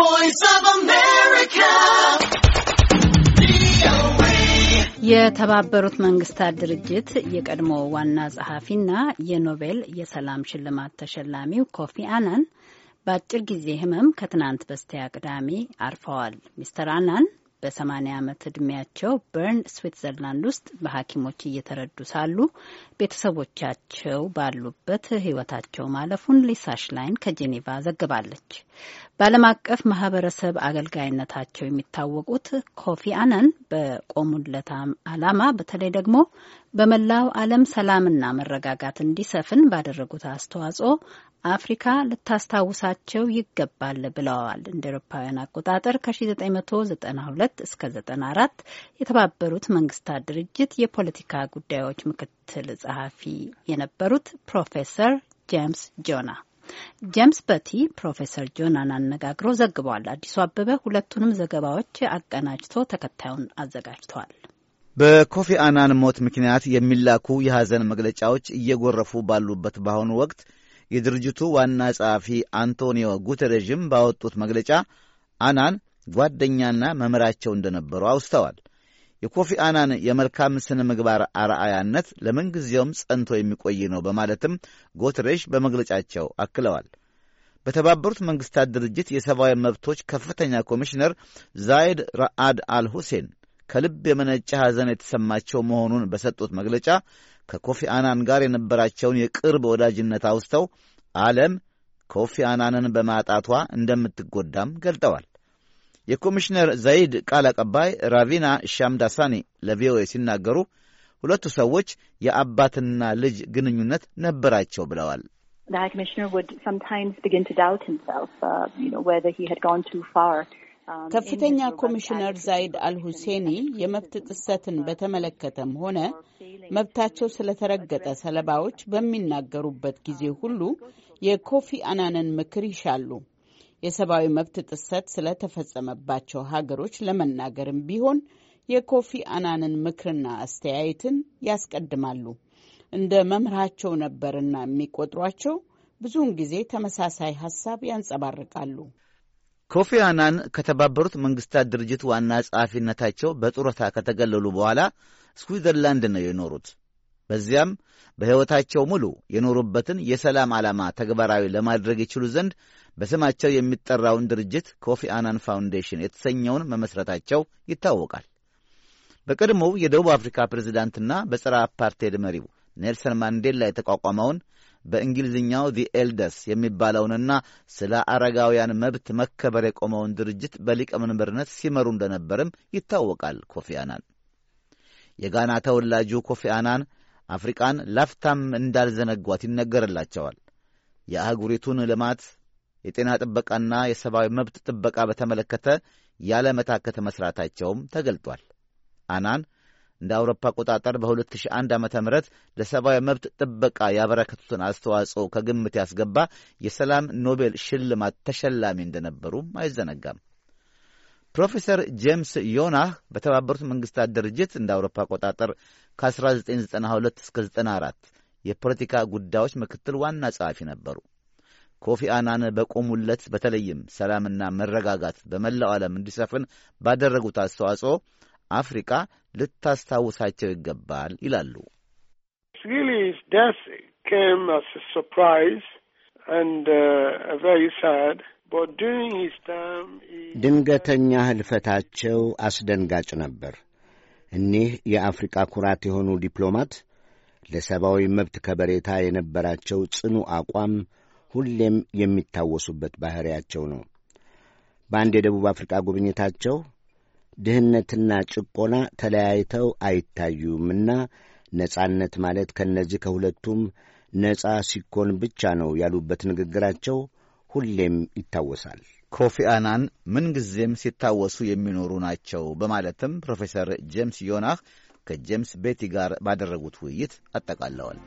ቮይስ ኦፍ አሜሪካ የተባበሩት መንግስታት ድርጅት የቀድሞ ዋና ጸሐፊና የኖቤል የሰላም ሽልማት ተሸላሚው ኮፊ አናን በአጭር ጊዜ ህመም ከትናንት በስቲያ ቅዳሜ አርፈዋል። ሚስተር አናን በ80 ዓመት ዕድሜያቸው በርን ስዊትዘርላንድ ውስጥ በሐኪሞች እየተረዱ ሳሉ ቤተሰቦቻቸው ባሉበት ህይወታቸው ማለፉን ሊሳ ሽላይን ከጄኔቫ ዘግባለች። በዓለም አቀፍ ማህበረሰብ አገልጋይነታቸው የሚታወቁት ኮፊ አነን በቆሙለት አላማ በተለይ ደግሞ በመላው ዓለም ሰላምና መረጋጋት እንዲሰፍን ባደረጉት አስተዋጽኦ አፍሪካ ልታስታውሳቸው ይገባል ብለዋል። እንደ ኤሮፓውያን አቆጣጠር ከ1992 እስከ 94 የተባበሩት መንግስታት ድርጅት የፖለቲካ ጉዳዮች ምክትል ጸሐፊ የነበሩት ፕሮፌሰር ጄምስ ጆና ጄምስ በቲ ፕሮፌሰር ጆናን አነጋግሮ ዘግቧል። አዲሱ አበበ ሁለቱንም ዘገባዎች አቀናጅቶ ተከታዩን አዘጋጅቷል። በኮፊ አናን ሞት ምክንያት የሚላኩ የሐዘን መግለጫዎች እየጎረፉ ባሉበት በአሁኑ ወቅት የድርጅቱ ዋና ጸሐፊ አንቶኒዮ ጉተሬዥም ባወጡት መግለጫ አናን ጓደኛና መምህራቸው እንደነበሩ አውስተዋል። የኮፊ አናን የመልካም ስነ ምግባር አርአያነት ለምንጊዜውም ጸንቶ የሚቆይ ነው በማለትም ጎትሬሽ በመግለጫቸው አክለዋል። በተባበሩት መንግሥታት ድርጅት የሰብአዊ መብቶች ከፍተኛ ኮሚሽነር ዛይድ ራአድ አልሁሴን። ከልብ የመነጨ ሐዘን የተሰማቸው መሆኑን በሰጡት መግለጫ ከኮፊ አናን ጋር የነበራቸውን የቅርብ ወዳጅነት አውስተው ዓለም ኮፊ አናንን በማጣቷ እንደምትጎዳም ገልጠዋል። የኮሚሽነር ዘይድ ቃል አቀባይ ራቪና ሻምዳሳኒ ለቪኦኤ ሲናገሩ ሁለቱ ሰዎች የአባትና ልጅ ግንኙነት ነበራቸው ብለዋል። Um, ከፍተኛ ኮሚሽነር ዛይድ አልሁሴኒ የመብት ጥሰትን በተመለከተም ሆነ መብታቸው ስለተረገጠ ሰለባዎች በሚናገሩበት ጊዜ um, ሁሉ የኮፊ አናንን ምክር ይሻሉ። የሰብአዊ መብት ጥሰት ስለተፈጸመባቸው ሀገሮች ለመናገርም ቢሆን የኮፊ አናንን ምክርና አስተያየትን ያስቀድማሉ። እንደ መምህራቸው ነበርና የሚቆጥሯቸው ብዙውን ጊዜ ተመሳሳይ ሀሳብ ያንጸባርቃሉ። ኮፊ አናን ከተባበሩት መንግስታት ድርጅት ዋና ጸሐፊነታቸው በጡረታ ከተገለሉ በኋላ ስዊዘርላንድ ነው የኖሩት። በዚያም በሕይወታቸው ሙሉ የኖሩበትን የሰላም ዓላማ ተግባራዊ ለማድረግ ይችሉ ዘንድ በስማቸው የሚጠራውን ድርጅት ኮፊ አናን ፋውንዴሽን የተሰኘውን መመስረታቸው ይታወቃል። በቀድሞው የደቡብ አፍሪካ ፕሬዚዳንትና በጸረ አፓርቴድ መሪው ኔልሰን ማንዴላ የተቋቋመውን በእንግሊዝኛው ዲ ኤልደስ የሚባለውንና ስለ አረጋውያን መብት መከበር የቆመውን ድርጅት በሊቀመንበርነት ሲመሩ እንደነበርም ይታወቃል። ኮፊ አናን የጋና ተወላጁ ኮፊ አናን አፍሪቃን ላፍታም እንዳልዘነጓት ይነገርላቸዋል። የአህጉሪቱን ልማት፣ የጤና ጥበቃና የሰብአዊ መብት ጥበቃ በተመለከተ መታከተ መሥራታቸውም ተገልጧል። አናን እንደ አውሮፓ አቆጣጠር በ2001 ዓ ም ለሰብአዊ መብት ጥበቃ ያበረከቱትን አስተዋጽኦ ከግምት ያስገባ የሰላም ኖቤል ሽልማት ተሸላሚ እንደነበሩም አይዘነጋም። ፕሮፌሰር ጄምስ ዮናህ በተባበሩት መንግሥታት ድርጅት እንደ አውሮፓ አቆጣጠር ከ1992 እስከ 94 የፖለቲካ ጉዳዮች ምክትል ዋና ጸሐፊ ነበሩ። ኮፊ አናን በቆሙለት በተለይም ሰላምና መረጋጋት በመላው ዓለም እንዲሰፍን ባደረጉት አስተዋጽኦ አፍሪካ ልታስታውሳቸው ይገባል ይላሉ። uh, ድንገተኛ ህልፈታቸው አስደንጋጭ ነበር። እኒህ የአፍሪቃ ኩራት የሆኑ ዲፕሎማት ለሰብአዊ መብት ከበሬታ የነበራቸው ጽኑ አቋም ሁሌም የሚታወሱበት ባሕሪያቸው ነው። በአንድ የደቡብ አፍሪቃ ጉብኝታቸው ድህነትና ጭቆና ተለያይተው አይታዩምና ነጻነት ማለት ከእነዚህ ከሁለቱም ነጻ ሲኮን ብቻ ነው ያሉበት ንግግራቸው ሁሌም ይታወሳል። ኮፊ አናን ምንጊዜም ሲታወሱ የሚኖሩ ናቸው በማለትም ፕሮፌሰር ጄምስ ዮናህ ከጄምስ ቤቲ ጋር ባደረጉት ውይይት አጠቃለዋል።